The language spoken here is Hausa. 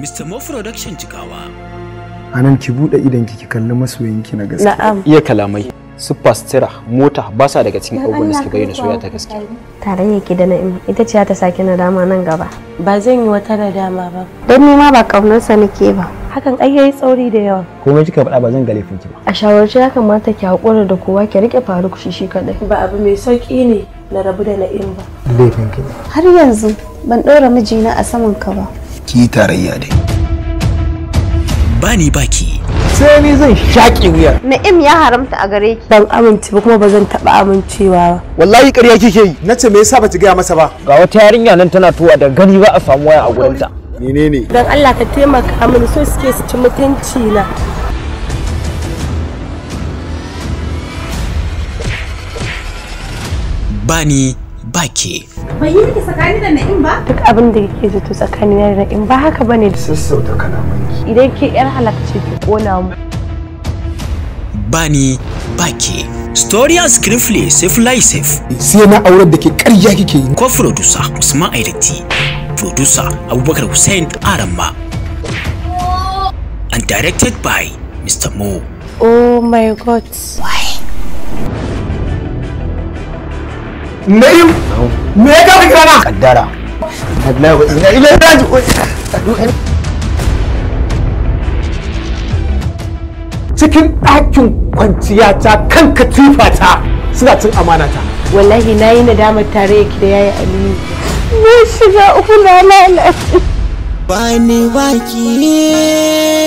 Mr. Mo Production cikawa. A nan ki buɗe idan ki kalli masoyinki na gaske. Na'am. Iya kalamai. su sutura mota ba sa daga cikin abubuwan da suke bayyana soyayya ta gaske. Tarayya ki da na'im ita ce ta na dama nan gaba. Ba zan yi wata dama ba. Don nema ma ba kaunarsa nake ba. Hakan ai yayi tsauri da yawa. Komai kika faɗa ba zan ga laifin ki ba. A shawarce ya kamata ki haƙura da kowa ki rike faru shi shi kaɗai. Ba abu mai sauƙi ne na rabu da na'im ba. Laifin ki. Har yanzu ban ɗora mijina a saman ka ba. ki tarayya dai bani baki sai ni zan shaƙe wuya na'im ya haramta a gare ki ban amince ba kuma ba zan taɓa amincewa ba wallahi ƙarya kike yi nace me yasa baki gaya masa ba ga wata yarinya nan tana tuwa da gani ba a samu waya a gurinta menene dan Allah ka taimaka mini so suke su ci mutunci na bani ba ke. Ban yi tsakani da na'in ba? Duk abin da kike zato tsakani da na'in ba haka bane. Sassauta kalamanki. Idan ke yar halakci ki kona mu. Bani ba ke. Storia Scriffly Safe Life Safe. Sai na aurar da ke ƙarya kike yi. Ko producer Usman Aidati. Producer Abubakar Hussein Aramba. And directed by Mr. Mo. Oh my god. Why? Na'im? Me ya kawo kira na? Kaddara. Allah wa inna ilaihi raji'un. Cikin ɗakin kwanciya ta kan katifa ta suna cin amana ta. Wallahi na yi nadamar tare yake da yayi aminu. ne shiga uku na lalace. Bani baki.